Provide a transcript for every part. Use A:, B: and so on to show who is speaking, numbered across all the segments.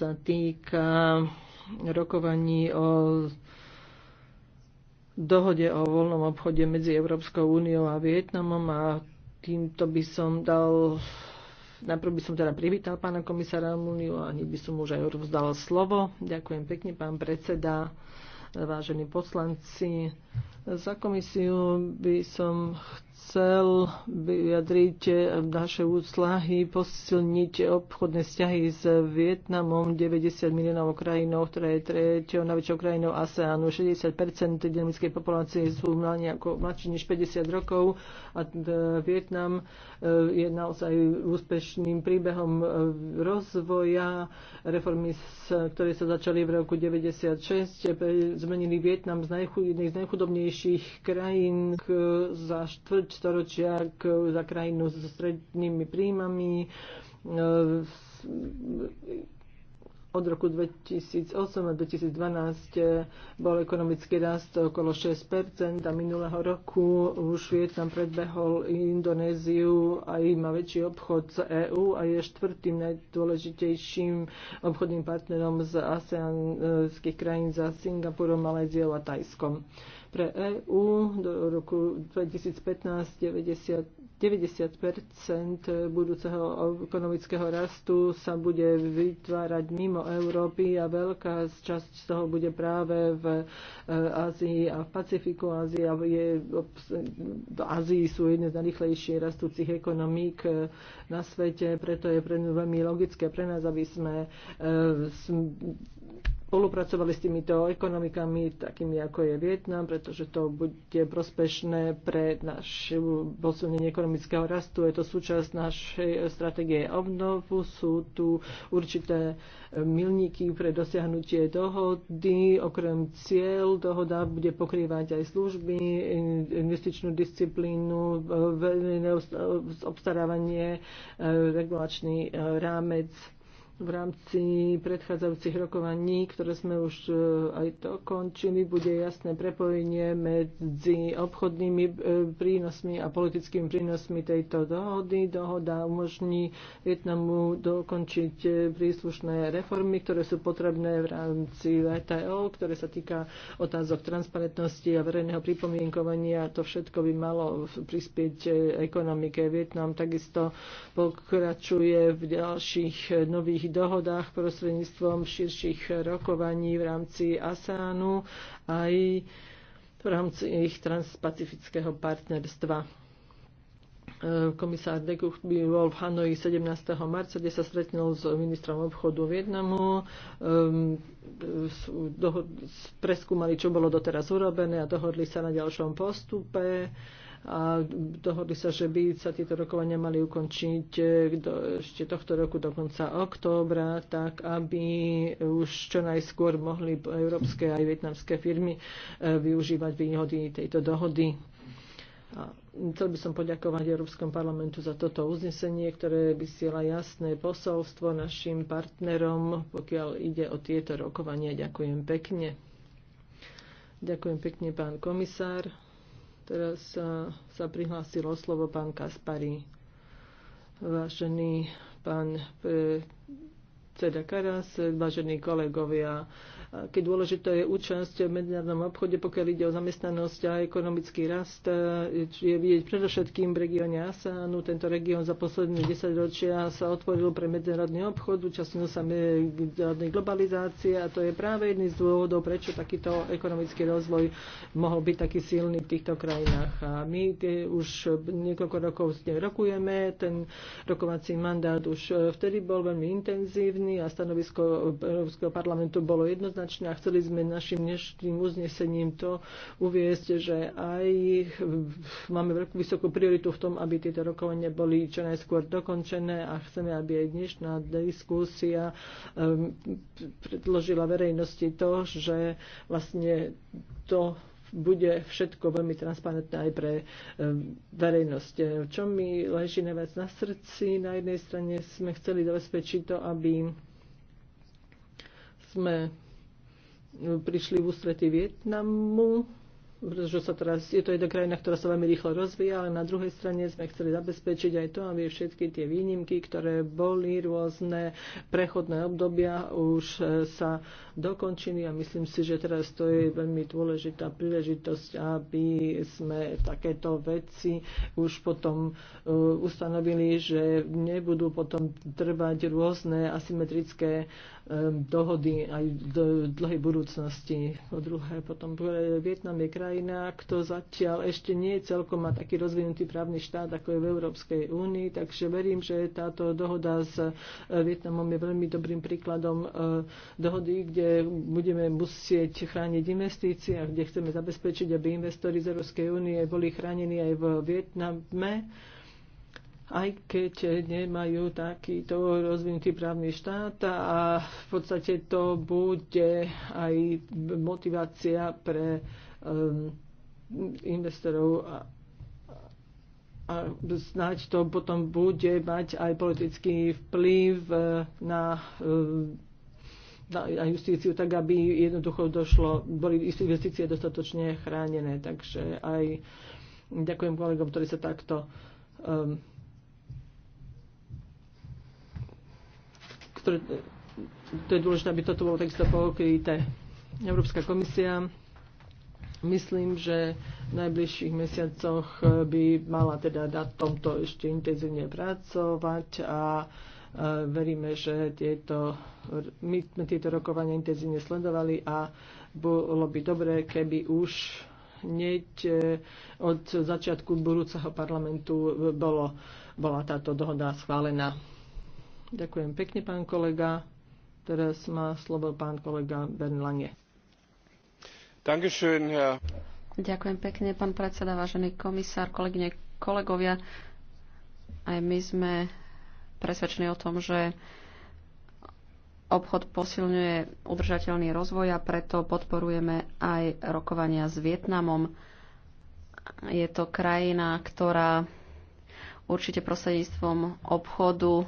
A: sa týka rokovaní o dohode o voľnom obchode medzi Európskou úniou a Vietnamom a týmto by som dal, najprv by som teda privítal pána komisára Muniu a hneď by som už aj rozdal slovo. Ďakujem pekne, pán predseda, vážení poslanci. Za komisiu by som chcel chcel vyjadriť naše úslahy, posilniť obchodné vzťahy s Vietnamom, 90 miliónov krajinou, ktorá je treťou najväčšou krajinou ASEANu. 60 dynamickej populácie sú mladší než 50 rokov a Vietnam e, je naozaj úspešným príbehom rozvoja. Reformy, ktoré sa začali v roku 96, e, zmenili Vietnam z najchudobnejších krajín za štvrť štvrťstoročia za krajinu so strednými príjmami. E, od roku 2008 a 2012 e, bol ekonomický rast okolo 6 a minulého roku už Vietnam predbehol Indonéziu a má väčší obchod z EÚ a je štvrtým najdôležitejším obchodným partnerom z ASEANských krajín za Singapurom, Maléziou a Tajskom. Pre EÚ do roku 2015 90, 90 budúceho ekonomického rastu sa bude vytvárať mimo Európy a veľká časť z toho bude práve v e, Ázii a v Pacifiku. Ázia je, v Ázii sú jedne z najrychlejšie rastúcich ekonomík e, na svete, preto je pre veľmi logické pre nás, aby sme e, spolupracovali s týmito ekonomikami, takými ako je Vietnam, pretože to bude prospešné pre naše posunenie ekonomického rastu. Je to súčasť našej stratégie obnovu. Sú tu určité milníky pre dosiahnutie dohody. Okrem cieľ dohoda bude pokrývať aj služby, investičnú disciplínu, obstarávanie, eh, regulačný eh, rámec v rámci predchádzajúcich rokovaní, ktoré sme už e, aj dokončili, bude jasné prepojenie medzi obchodnými e, prínosmi a politickými prínosmi tejto dohody. Dohoda umožní Vietnamu dokončiť e, príslušné reformy, ktoré sú potrebné v rámci VTO, ktoré sa týka otázok transparentnosti a verejného pripomienkovania. To všetko by malo prispieť ekonomike. Vietnam takisto pokračuje v ďalších nových dohodách prostredníctvom širších rokovaní v rámci ASEANu aj v rámci ich transpacifického partnerstva. Komisár de Gucht by bol v Hanoji 17. marca, kde sa stretnul s ministrom obchodu Vietnamu. Ehm, preskúmali, čo bolo doteraz urobené a dohodli sa na ďalšom postupe a dohodli sa, že by sa tieto rokovania mali ukončiť e, do, ešte tohto roku do konca októbra, tak aby už čo najskôr mohli európske aj vietnamské firmy e, využívať výhody tejto dohody. A chcel by som poďakovať Európskom parlamentu za toto uznesenie, ktoré vysiela jasné posolstvo našim partnerom, pokiaľ ide o tieto rokovania. Ďakujem pekne. Ďakujem pekne, pán komisár. Teraz sa, sa prihlásil o slovo pán Kaspari. Vážený pán predseda Karas, vážení kolegovia, keď dôležité je účasť v medzinárodnom obchode, pokiaľ ide o zamestnanosť a ekonomický rast, je vidieť predovšetkým v regióne ASEANu. Tento región za posledné 10 ročia sa otvoril pre medzinárodný obchod, účastnil sa medzinárodnej globalizácie a to je práve jedný z dôvodov, prečo takýto ekonomický rozvoj mohol byť taký silný v týchto krajinách. A my už niekoľko rokov s ním rokujeme, ten rokovací mandát už vtedy bol veľmi intenzívny a stanovisko Európskeho parlamentu bolo jednoznačné jednoznačne a chceli sme našim dnešným uznesením to uviezť, že aj máme veľkú vysokú prioritu v tom, aby tieto rokovania boli čo najskôr dokončené a chceme, aby aj dnešná diskusia ehm, predložila verejnosti to, že vlastne to bude všetko veľmi transparentné aj pre ehm, verejnosť. Čo mi leží najviac na srdci, na jednej strane sme chceli zabezpečiť to, aby sme prišli v ústretí Vietnamu, pretože sa teraz, je to jedna krajina, ktorá sa veľmi rýchlo rozvíja, ale na druhej strane sme chceli zabezpečiť aj to, aby všetky tie výnimky, ktoré boli rôzne prechodné obdobia, už e, sa dokončili a myslím si, že teraz to je veľmi dôležitá príležitosť, aby sme takéto veci už potom e, ustanovili, že nebudú potom trvať rôzne asymetrické dohody aj do dlhej budúcnosti. Po druhé, potom e, Vietnam je krajina, kto zatiaľ ešte nie celkom má taký rozvinutý právny štát, ako je v Európskej únii, takže verím, že táto dohoda s e, Vietnamom je veľmi dobrým príkladom e, dohody, kde budeme musieť chrániť investície a kde chceme zabezpečiť, aby investori z Európskej únie boli chránení aj v Vietname aj keď nemajú takýto rozvinutý právny štát a v podstate to bude aj motivácia pre um, investorov a, a snáď to potom bude mať aj politický vplyv uh, um, na na justíciu, tak aby jednoducho došlo, boli investície dostatočne chránené. Takže aj ďakujem kolegom, ktorí sa takto um, ktoré, to je dôležité, aby toto bolo takisto pokryté. Európska komisia myslím, že v najbližších mesiacoch by mala teda na tomto ešte intenzívne pracovať a e, veríme, že tieto, my sme tieto rokovania intenzívne sledovali a bolo by dobré, keby už hneď e, od začiatku budúceho parlamentu e, bolo, bola táto dohoda schválená. Ďakujem pekne, pán kolega. Teraz
B: má slovo pán kolega Bernlange.
C: Dankeschön, Herr.
B: Ďakujem pekne, pán predseda, vážený komisár, kolegyne, kolegovia. Aj my sme presvedčení o tom, že obchod posilňuje udržateľný rozvoj a preto podporujeme aj rokovania s Vietnamom. Je to krajina, ktorá určite prostredníctvom obchodu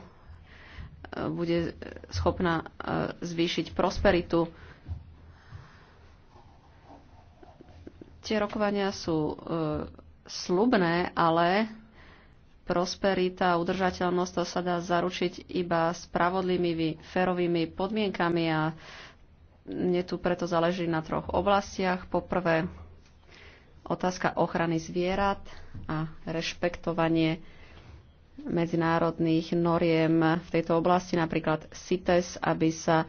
B: bude schopná e, zvýšiť prosperitu. Tie rokovania sú e, slubné, ale prosperita, a udržateľnosť to sa dá zaručiť iba spravodlivými, férovými podmienkami a mne tu preto záleží na troch oblastiach. Poprvé, otázka ochrany zvierat a rešpektovanie medzinárodných noriem v tejto oblasti, napríklad CITES, aby sa e,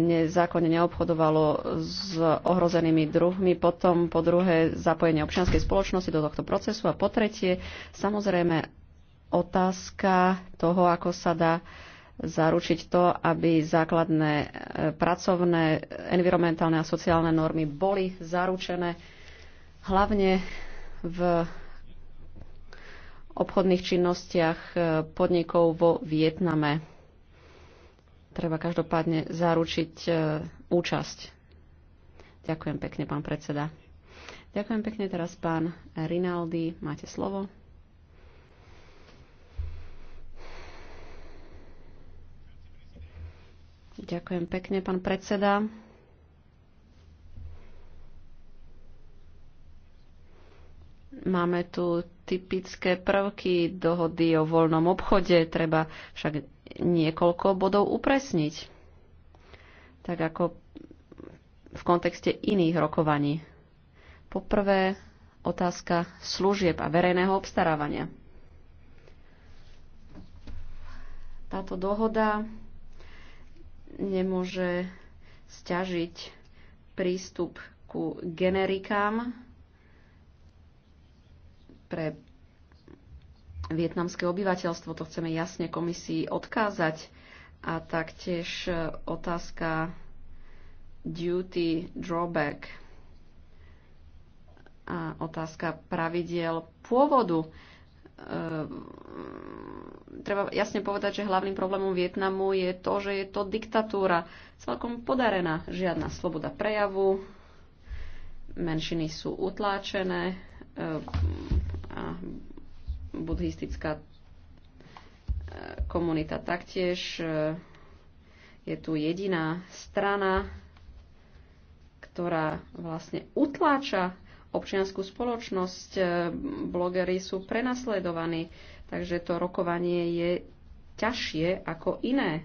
B: nezákonne neobchodovalo s ohrozenými druhmi, potom po druhé zapojenie občianskej spoločnosti do tohto procesu a po tretie samozrejme otázka toho, ako sa dá zaručiť to, aby základné e, pracovné, environmentálne a sociálne normy boli zaručené hlavne v obchodných činnostiach e, podnikov vo Vietname. Treba každopádne zaručiť e, účasť. Ďakujem pekne, pán predseda. Ďakujem pekne teraz, pán Rinaldi. Máte slovo. Ďakujem pekne, pán predseda. Máme tu typické prvky dohody o voľnom obchode, treba však niekoľko bodov upresniť, tak ako v kontexte iných rokovaní. Poprvé otázka služieb a verejného obstarávania. Táto dohoda nemôže stiažiť prístup ku generikám pre vietnamské obyvateľstvo, to chceme jasne komisii odkázať. A taktiež e, otázka duty drawback a otázka pravidiel pôvodu. E, treba jasne povedať, že hlavným problémom Vietnamu je to, že je to diktatúra celkom podarená. Žiadna sloboda prejavu, menšiny sú utláčené, e, a buddhistická e, komunita taktiež. E, je tu jediná strana, ktorá vlastne utláča občianskú spoločnosť. E, blogery sú prenasledovaní, takže to rokovanie je ťažšie ako iné.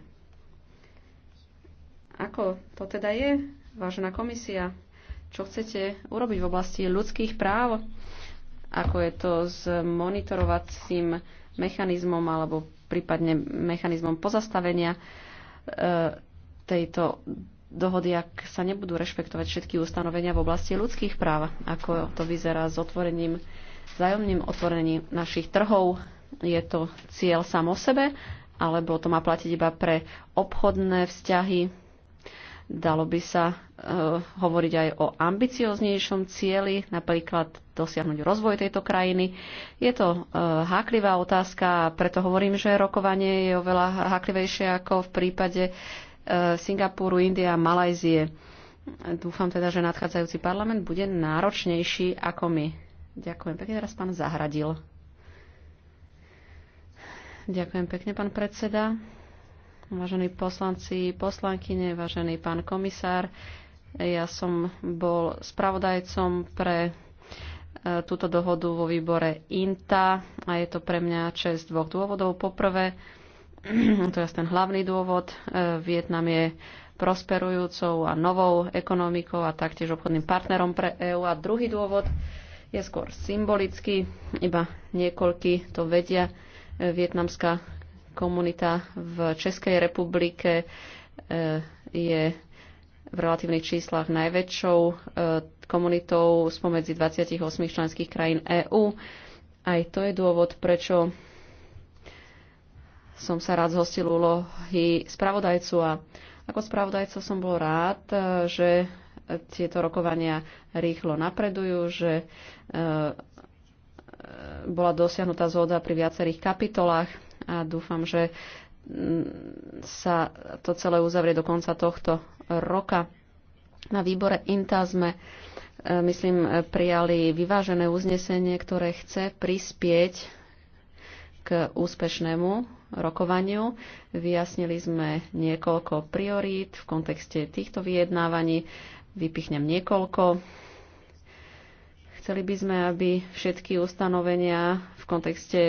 B: Ako to teda je, vážená komisia? Čo chcete urobiť v oblasti ľudských práv? ako je to s monitorovacím mechanizmom alebo prípadne mechanizmom pozastavenia e, tejto dohody, ak sa nebudú rešpektovať všetky ustanovenia v oblasti ľudských práv, ako to vyzerá s otvorením, vzájomným otvorením našich trhov. Je to cieľ sám o sebe, alebo to má platiť iba pre obchodné vzťahy Dalo by sa e, hovoriť aj o ambicioznejšom cieli, napríklad dosiahnuť rozvoj tejto krajiny. Je to e, háklivá otázka a preto hovorím, že rokovanie je oveľa háklivejšie ako v prípade e, Singapuru, India, a Malajzie. Dúfam teda, že nadchádzajúci parlament bude náročnejší ako my. Ďakujem pekne, teraz pán Zahradil. Ďakujem pekne, pán predseda. Vážení poslanci, poslankyne, vážený pán komisár, ja som bol spravodajcom pre e, túto dohodu vo výbore INTA a je to pre mňa čest dvoch dôvodov. Poprvé, to je ten hlavný dôvod, e, Vietnam je prosperujúcou a novou ekonomikou a taktiež obchodným partnerom pre EÚ. A druhý dôvod je skôr symbolický, iba niekoľky to vedia. E, Vietnamská Komunita v Českej republike e, je v relatívnych číslach najväčšou e, komunitou spomedzi 28 členských krajín EÚ. Aj to je dôvod, prečo som sa rád zhostil úlohy spravodajcu a ako spravodajca som bol rád, e, že tieto rokovania rýchlo napredujú, že bola dosiahnutá zhoda pri viacerých kapitolách a dúfam, že mm, sa to celé uzavrie do konca tohto roka. Na výbore INTA sme, e, myslím, prijali vyvážené uznesenie, ktoré chce prispieť k úspešnému rokovaniu. Vyjasnili sme niekoľko priorít v kontexte týchto vyjednávaní. Vypichnem niekoľko. Chceli by sme, aby všetky ustanovenia v kontexte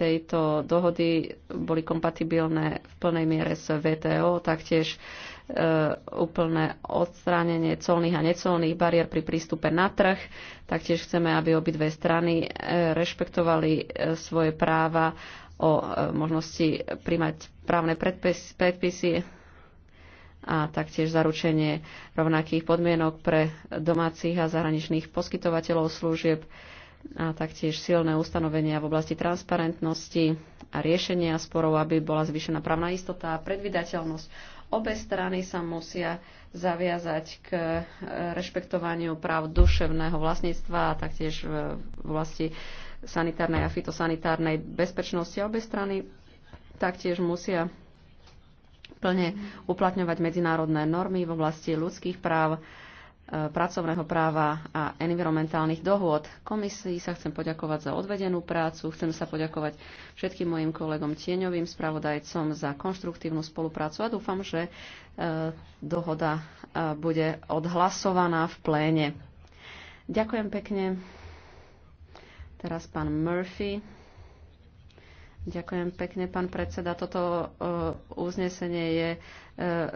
B: tejto dohody boli kompatibilné v plnej miere s VTO, taktiež e, úplné odstránenie colných a necolných bariér pri prístupe na trh. Taktiež chceme, aby obidve strany e, rešpektovali e, svoje práva o možnosti príjmať právne predpisy a taktiež zaručenie rovnakých podmienok pre domácich a zahraničných poskytovateľov služieb a taktiež silné ustanovenia v oblasti transparentnosti a riešenia sporov, aby bola zvýšená právna istota a predvydateľnosť. Obe strany sa musia zaviazať k e, rešpektovaniu práv duševného vlastníctva a taktiež e, v oblasti sanitárnej a fitosanitárnej bezpečnosti. Obe strany taktiež musia plne uplatňovať medzinárodné normy v oblasti ľudských práv Eh, pracovného práva a environmentálnych dohôd. Komisii sa chcem poďakovať za odvedenú prácu, chcem sa poďakovať všetkým mojim kolegom tieňovým spravodajcom za konštruktívnu spoluprácu a dúfam, že eh, dohoda eh, bude odhlasovaná v pléne. Ďakujem pekne. Teraz pán Murphy. Ďakujem pekne, pán predseda. Toto uh, uznesenie je uh,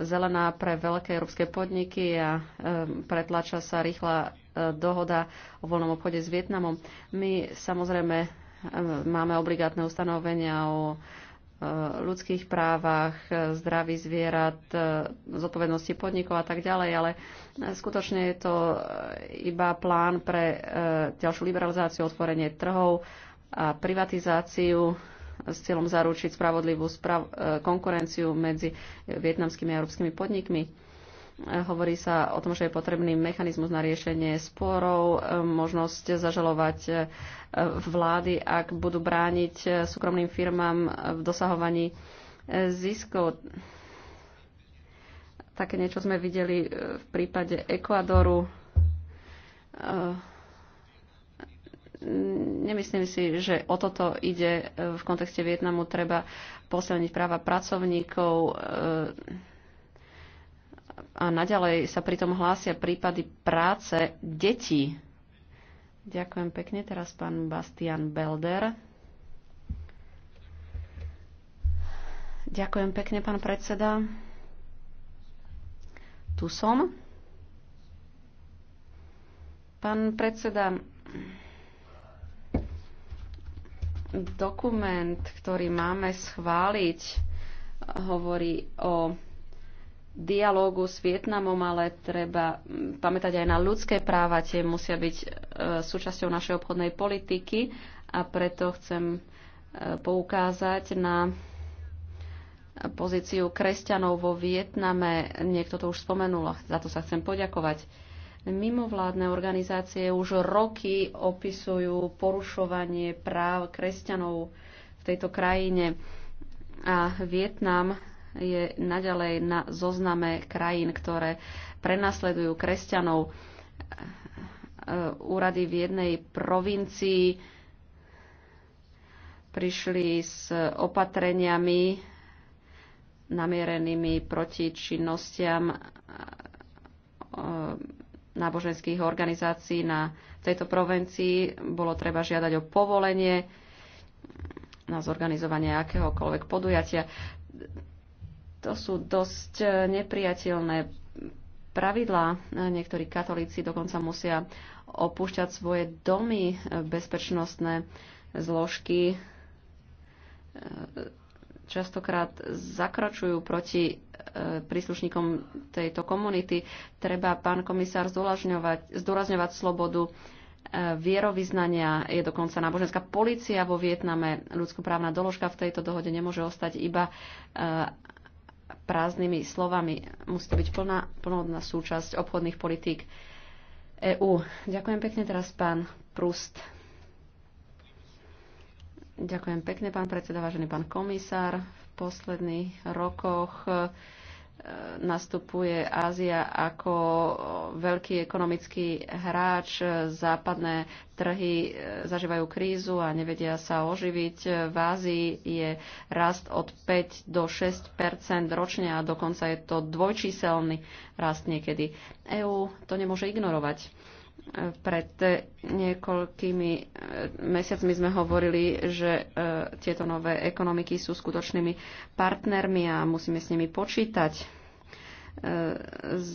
B: zelená pre veľké európske podniky a um, pretlača sa rýchla uh, dohoda o voľnom obchode s Vietnamom. My samozrejme um, máme obligátne ustanovenia o ľudských právach, zdraví zvierat, zodpovednosti podnikov a tak ďalej, ale skutočne je to iba plán pre ďalšiu liberalizáciu, otvorenie trhov a privatizáciu s cieľom zaručiť spravodlivú sprav- e, konkurenciu medzi vietnamskými a európskymi podnikmi. E, hovorí sa o tom, že je potrebný mechanizmus na riešenie sporov, e, možnosť zažalovať vlády, ak budú brániť súkromným firmám v dosahovaní ziskov. Také niečo sme videli v prípade Ekvadoru nemyslím si, že o toto ide. E, v kontexte Vietnamu treba posilniť práva pracovníkov e, a naďalej sa pritom hlásia prípady práce detí. Ďakujem pekne. Teraz pán Bastian Belder. Ďakujem pekne, pán predseda. Tu som. Pán predseda, Dokument, ktorý máme schváliť, hovorí o dialógu s Vietnamom, ale treba pamätať aj na ľudské práva, tie musia byť e, súčasťou našej obchodnej politiky a preto chcem e, poukázať na pozíciu kresťanov vo Vietname. Niekto to už spomenul a za to sa chcem poďakovať. Mimovládne organizácie už roky opisujú porušovanie práv kresťanov v tejto krajine a Vietnam je naďalej na zozname krajín, ktoré prenasledujú kresťanov. E, úrady v jednej provincii prišli s opatreniami namierenými proti činnostiam e, náboženských organizácií na tejto provencii. Bolo treba žiadať o povolenie na zorganizovanie akéhokoľvek podujatia. To sú dosť nepriateľné pravidlá. Niektorí katolíci dokonca musia opúšťať svoje domy bezpečnostné zložky častokrát zakračujú proti e, príslušníkom tejto komunity. Treba, pán komisár, zdôrazňovať, zdôrazňovať slobodu e, vierovýznania, je dokonca náboženská policia vo Vietname. Ľudskoprávna doložka v tejto dohode nemôže ostať iba e, prázdnymi slovami. Musí to byť plná, plnohodná súčasť obchodných politík EÚ. Ďakujem pekne teraz, pán Prust. Ďakujem pekne, pán predseda, vážený pán komisár. V posledných rokoch e, nastupuje Ázia ako veľký ekonomický hráč. Západné trhy e, zažívajú krízu a nevedia sa oživiť. V Ázii je rast od 5 do 6 ročne a dokonca je to dvojčíselný rast niekedy. EÚ to nemôže ignorovať pred niekoľkými e, mesiacmi sme hovorili, že e, tieto nové ekonomiky sú skutočnými partnermi a musíme s nimi počítať e, z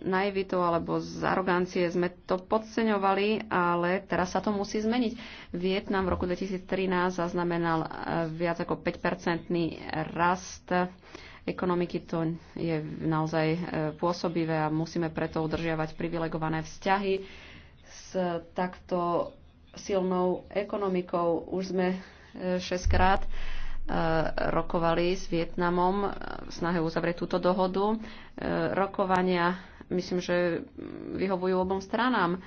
B: naivitu alebo z arogancie sme to podceňovali, ale teraz sa to musí zmeniť. Vietnam v roku 2013 zaznamenal viac ako 5-percentný rast ekonomiky. To je naozaj pôsobivé a musíme preto udržiavať privilegované vzťahy s takto silnou ekonomikou. Už sme e, šestkrát e, rokovali s Vietnamom e, v snahe uzavrieť túto dohodu. Rokovania, myslím, že vyhovujú obom stranám.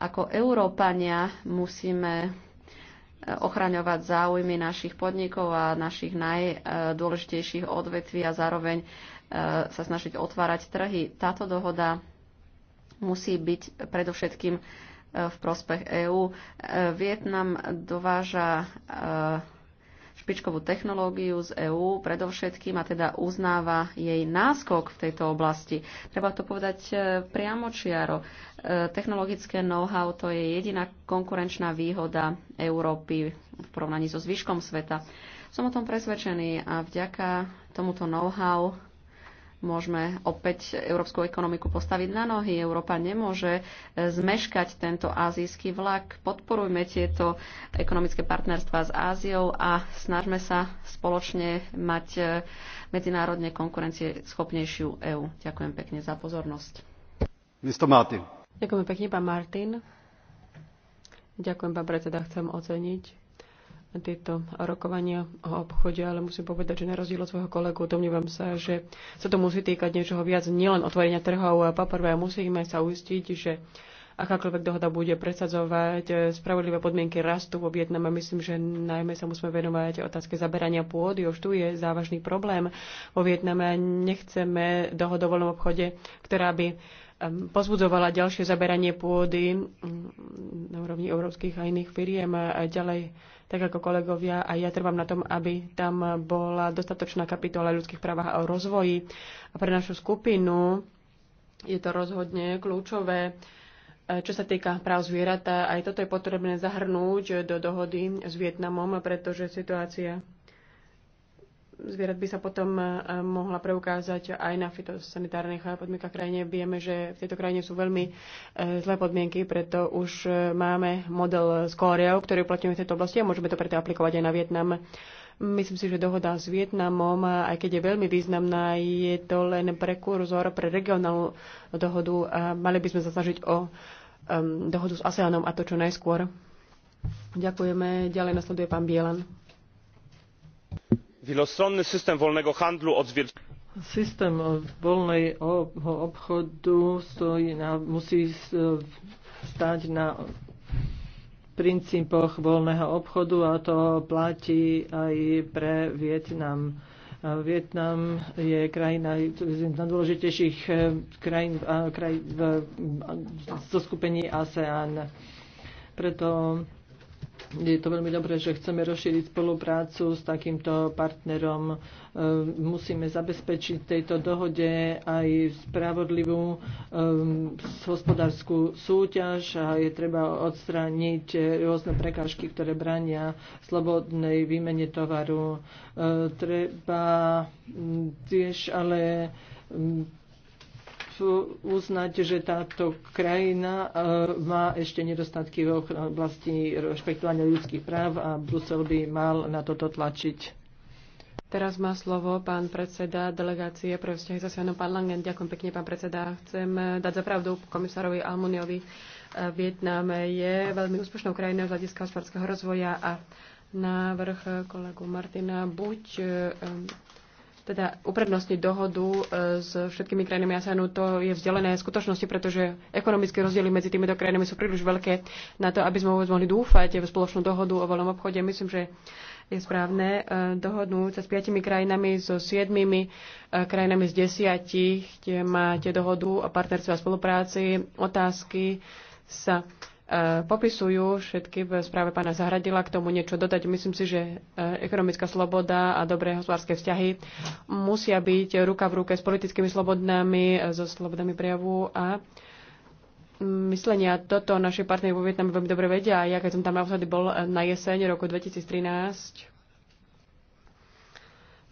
B: Ako Európania musíme ochraňovať záujmy našich podnikov a našich najdôležitejších odvetví a zároveň sa snažiť otvárať trhy. Táto dohoda musí byť predovšetkým v prospech EÚ. E, Vietnam dováža e, špičkovú technológiu z EÚ predovšetkým a teda uznáva jej náskok v tejto oblasti. Treba to povedať e, priamo čiaro. Technologické know-how to je jediná konkurenčná výhoda Európy v porovnaní so zvyškom sveta. Som o tom presvedčený a vďaka tomuto know-how môžeme opäť európsku ekonomiku postaviť na nohy. Európa nemôže e, zmeškať tento azijský vlak. Podporujme tieto ekonomické partnerstva s Áziou a snažme sa spoločne mať e, medzinárodne konkurencieschopnejšiu EÚ. Ďakujem pekne za
C: pozornosť. Mr. Martin. Ďakujem pekne, pán Martin. Ďakujem, pán predseda. Chcem oceniť tieto rokovania o obchode, ale musím povedať, že na rozdiel od svojho kolegu domnívam sa, že sa to musí týkať niečoho viac, nielen otvorenia trhov. Poprvé musíme sa uistiť, že akákoľvek dohoda bude presadzovať spravodlivé podmienky rastu vo Vietname. Myslím, že najmä sa musíme venovať otázke zaberania pôdy. Už tu je závažný problém vo Vietname. Nechceme dohodu o voľnom obchode, ktorá by pozbudzovala ďalšie zaberanie pôdy mm, na úrovni európskych a iných firiem a ďalej tak ako kolegovia, a ja trvám na tom, aby tam bola dostatočná kapitola o ľudských právach a o rozvoji. A pre našu skupinu je to rozhodne kľúčové. E, čo sa týka práv zvierat, aj toto je potrebné zahrnúť do dohody s Vietnamom, pretože situácia zvierat by sa potom e, mohla preukázať aj na fitosanitárnych podmienkach krajine. Vieme, že v tejto krajine sú veľmi e, zlé podmienky, preto už e, máme model s Kóriou, ktorý uplatňujeme v tejto oblasti a môžeme to preto aplikovať aj na Vietnam. Myslím si, že dohoda s Vietnamom, aj keď je veľmi významná, je to len prekurzor pre regionálnu dohodu a mali by sme sa o um, dohodu s ASEANom a to čo najskôr. Ďakujeme. Ďalej nasleduje pán Bielan wielostronny system wolnego handlu odzwierciedla systém voľnej
A: obchodu stojí na, musí stať na princípoch voľného obchodu a to platí aj pre Vietnam. Vietnam je krajina z najdôležitejších krajín, eh, krajín v zoskupení ASEAN. Preto je to veľmi dobré, že chceme rozšíriť spoluprácu s takýmto partnerom. E, musíme zabezpečiť tejto dohode aj spravodlivú e, hospodárskú súťaž a je treba odstrániť rôzne prekážky, ktoré brania slobodnej výmene tovaru. E, treba tiež ale uznať, že táto krajina e, má ešte nedostatky v oblasti rešpektovania ľudských práv a Brusel by mal na toto tlačiť.
C: Teraz má slovo pán predseda delegácie pre vzťahy za svojom pán Langen. Ďakujem pekne, pán predseda. Chcem e, dať za pravdu komisárovi Almuniovi. E, Vietnam je veľmi úspešnou krajinou z hľadiska hospodárskeho rozvoja a návrh kolegu Martina buď teda uprednostniť dohodu e, s všetkými krajinami ASEANu, to je vzdelené skutočnosti, pretože ekonomické rozdiely medzi týmito krajinami sú príliš veľké na to, aby sme vôbec mohli dúfať v spoločnú dohodu o voľnom obchode. Myslím, že je správne e, dohodnúť sa s piatimi krajinami, so siedmimi e, krajinami z desiatich, kde máte dohodu o partnerstve a spolupráci. Otázky sa E, popisujú všetky v správe pána Zahradila k tomu niečo dodať. Myslím si, že e, ekonomická sloboda a dobré hospodárske vzťahy musia byť ruka v ruke s politickými slobodnami, e, so slobodami prejavu a myslenia. Toto naši partneri vo Vietname veľmi dobre vedia. Ja, keď som tam naposledy bol na jeseň roku 2013,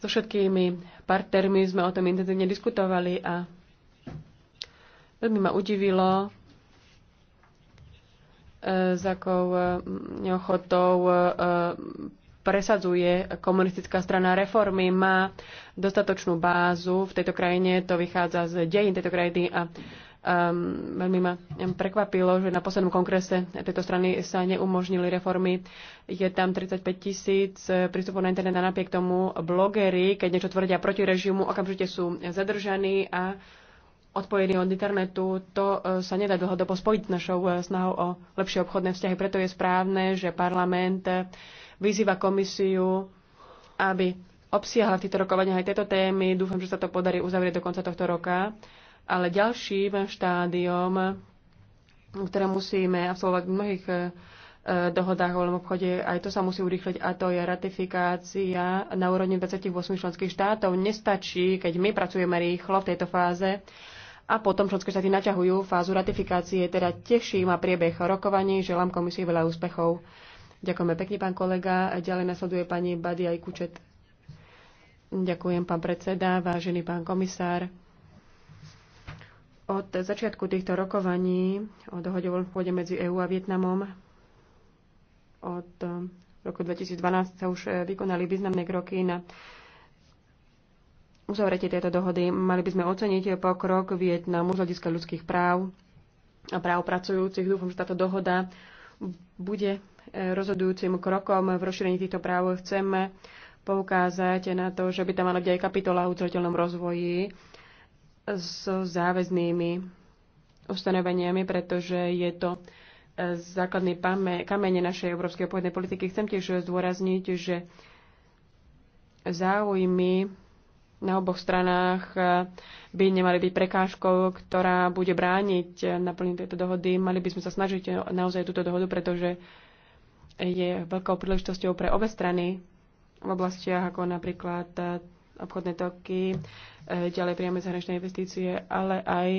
C: so všetkými partnermi sme o tom intenzívne diskutovali a veľmi ma udivilo, s eh, akou eh, neochotou eh, presadzuje komunistická strana reformy, má dostatočnú bázu v tejto krajine, to vychádza z dejín tejto krajiny a um, veľmi ma prekvapilo, že na poslednom kongrese tejto strany sa neumožnili reformy. Je tam 35 tisíc prístupov na internet a napriek tomu blogery, keď niečo tvrdia proti režimu, okamžite sú zadržaní a odpojení od internetu, to e, sa nedá dlhodobo spojiť s našou e, snahou o lepšie obchodné vzťahy. Preto je správne, že parlament e, vyzýva komisiu, aby obsiahla v týchto rokovaniach aj tieto témy. Dúfam, že sa to podarí uzavrieť do konca tohto roka. Ale ďalším štádiom, ktoré musíme absolvovať v mnohých dohodách o obchode, aj to sa musí urýchliť a to je ratifikácia na úrovni 28 členských štátov. Nestačí, keď my pracujeme rýchlo v tejto fáze, a potom členské štáty naťahujú fázu ratifikácie. Teda teší ma priebeh rokovaní, želám komisii veľa úspechov. Ďakujeme pekne, pán kolega. Ďalej nasleduje pani Badia Kučet. Ďakujem, pán predseda, vážený pán komisár. Od začiatku týchto rokovaní o dohode o pôde medzi EÚ a Vietnamom od roku 2012 sa už vykonali významné kroky na uzavretie tejto dohody. Mali by sme oceniť pokrok Vietnamu z hľadiska ľudských práv a práv pracujúcich. Dúfam, že táto dohoda bude e, rozhodujúcim krokom v rozšírení týchto práv. Chceme poukázať na to, že by tam mala byť aj kapitola o udržateľnom rozvoji so záväznými ustanoveniami, pretože je to e, základný kamene našej európskej obchodnej politiky. Chcem tiež zdôrazniť, že záujmy na oboch stranách e, by nemali byť prekážkou, ktorá bude brániť naplniť tejto dohody. Mali by sme sa snažiť naozaj túto dohodu, pretože je veľkou príležitosťou pre obe strany v oblastiach ako napríklad e, obchodné toky, e, ďalej priame zahraničné investície, ale aj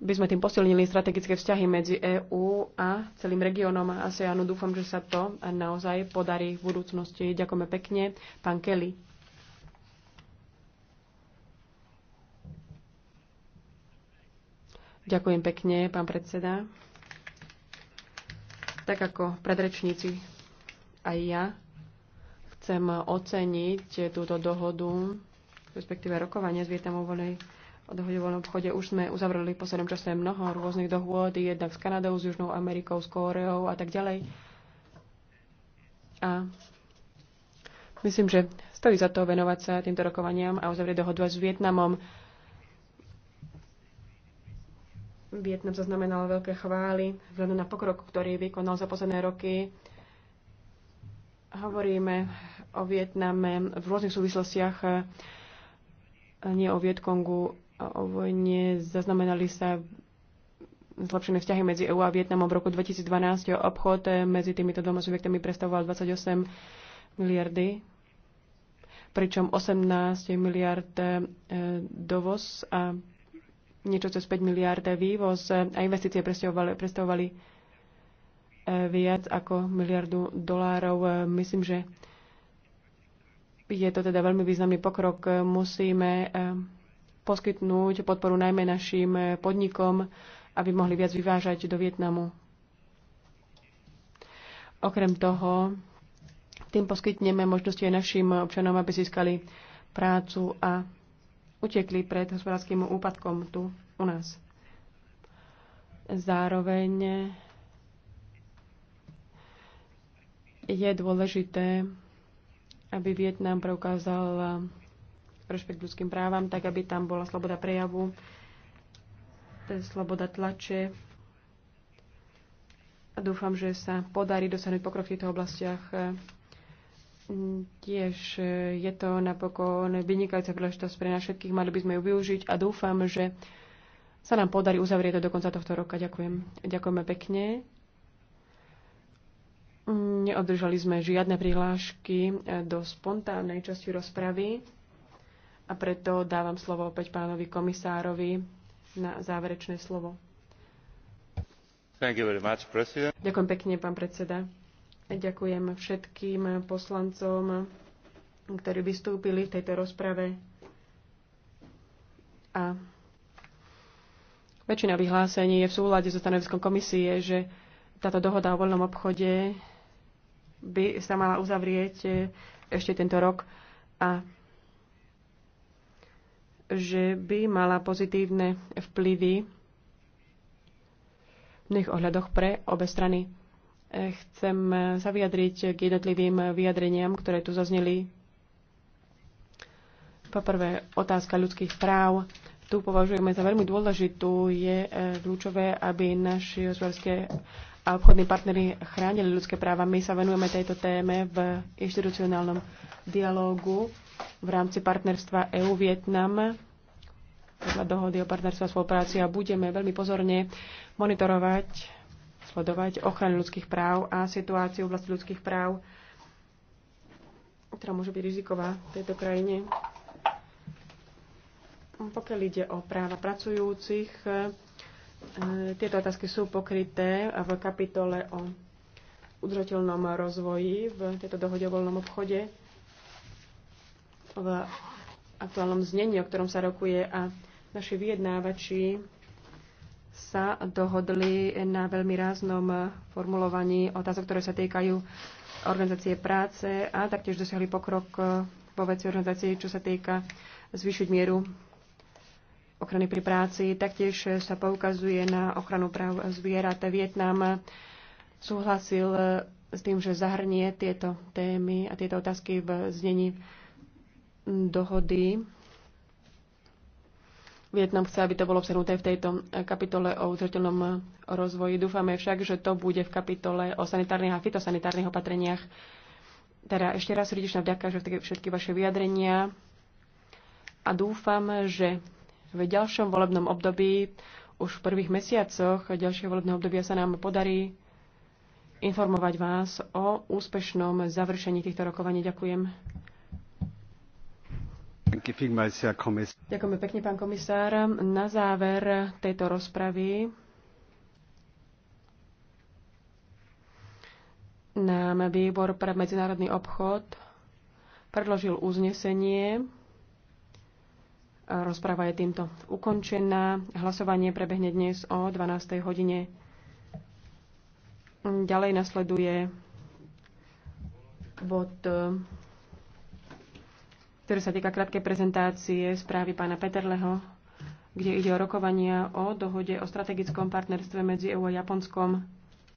C: by sme tým posilnili strategické vzťahy medzi EÚ a celým regiónom a ASEANu. Dúfam, že sa to naozaj podarí v budúcnosti. Ďakujeme pekne. Pán Kelly. Ďakujem pekne, pán predseda. Tak ako predrečníci aj ja chcem oceniť túto dohodu, respektíve rokovanie s Vietnamom voľnej o dohode voľnom obchode. Už sme uzavreli po poslednom čase mnoho rôznych dohôd, jednak s Kanadou, s Južnou Amerikou, s Kóreou a tak ďalej. A myslím, že stojí za to venovať sa týmto rokovaniam a uzavrieť dohodu aj s Vietnamom. Vietnam zaznamenal veľké chvály vzhľadom na pokrok, ktorý vykonal za posledné roky. Hovoríme o Vietname v rôznych súvislostiach, nie o Vietkongu, o vojne. Zaznamenali sa zlepšené vzťahy medzi EU a Vietnamom. V roku 2012 obchod medzi týmito dvoma subjektami predstavoval 28 miliardy, pričom 18 miliard e, dovoz a niečo cez 5 miliard vývoz a investície predstavovali, predstavovali e, viac ako miliardu dolárov. E, myslím, že je to teda veľmi významný pokrok. E, musíme poskytnúť podporu najmä našim podnikom, aby mohli viac vyvážať do Vietnamu. Okrem toho, tým poskytneme možnosti aj našim občanom, aby získali prácu a utekli pred hospodárským úpadkom tu u nás. Zároveň je dôležité, aby Vietnam preukázal rešpekt ľudským právam, tak aby tam bola sloboda prejavu, sloboda tlače. A dúfam, že sa podarí dosiahnuť pokrok v týchto oblastiach. Tiež e, je to napokon vynikajúca príležitosť pre nás všetkých, mali by sme ju využiť a dúfam, že sa nám podarí uzavrieť to do konca tohto roka. Ďakujem. Ďakujeme pekne. Neobdržali sme žiadne prihlášky e, do spontánnej časti rozpravy a preto dávam slovo opäť pánovi komisárovi na záverečné slovo. Much, Ďakujem pekne, pán predseda. Ďakujem všetkým poslancom, ktorí vystúpili v tejto rozprave. A väčšina vyhlásení je v súhľade so stanoviskom komisie, že táto dohoda o voľnom obchode by sa mala uzavrieť e, ešte tento rok a že by mala pozitívne vplyvy v mnohých ohľadoch pre obe strany. Chcem sa vyjadriť k jednotlivým vyjadreniam, ktoré tu zazneli. Poprvé, otázka ľudských práv. Tu považujeme za veľmi dôležitú. Je e, kľúčové, aby naši hospodárske a obchodní partnery chránili ľudské práva. My sa venujeme tejto téme v inštitucionálnom dialógu v rámci partnerstva EU-Vietnam podľa dohody o partnerstve a spolupráci a budeme veľmi pozorne monitorovať sledovať ochranu ľudských práv a situáciu v oblasti ľudských práv, ktorá môže byť riziková v tejto krajine. Pokiaľ ide o práva pracujúcich, e, tieto otázky sú pokryté v kapitole o udržateľnom rozvoji v tejto dohode o voľnom obchode v aktuálnom znení, o ktorom sa rokuje a naši vyjednávači sa dohodli na veľmi ráznom formulovaní otázok, ktoré sa týkajú organizácie práce a taktiež dosiahli pokrok vo veci organizácie, čo sa týka zvýšiť mieru ochrany pri práci. Taktiež sa poukazuje na ochranu práv zvierat. Vietnam súhlasil s tým, že zahrnie tieto témy a tieto otázky v znení dohody Vietnam chce, aby to bolo obsahnuté v tejto kapitole o udržateľnom rozvoji. Dúfame však, že to bude v kapitole o sanitárnych a fitosanitárnych opatreniach. Teda ešte raz srdečná vďaka za všetky vaše vyjadrenia a dúfam, že v ďalšom volebnom období, už v prvých mesiacoch ďalšieho volebného obdobia sa nám podarí informovať vás o úspešnom završení týchto rokovaní. Ďakujem.
B: Ďakujeme
C: pekne, pán komisár. Na záver tejto rozpravy nám výbor pre medzinárodný obchod predložil uznesenie. Rozprava je týmto ukončená. Hlasovanie prebehne dnes o 12. hodine. Ďalej nasleduje bod ktorý sa týka krátkej prezentácie správy pána Peterleho, kde ide o rokovania o dohode o strategickom partnerstve medzi EU a Japonskom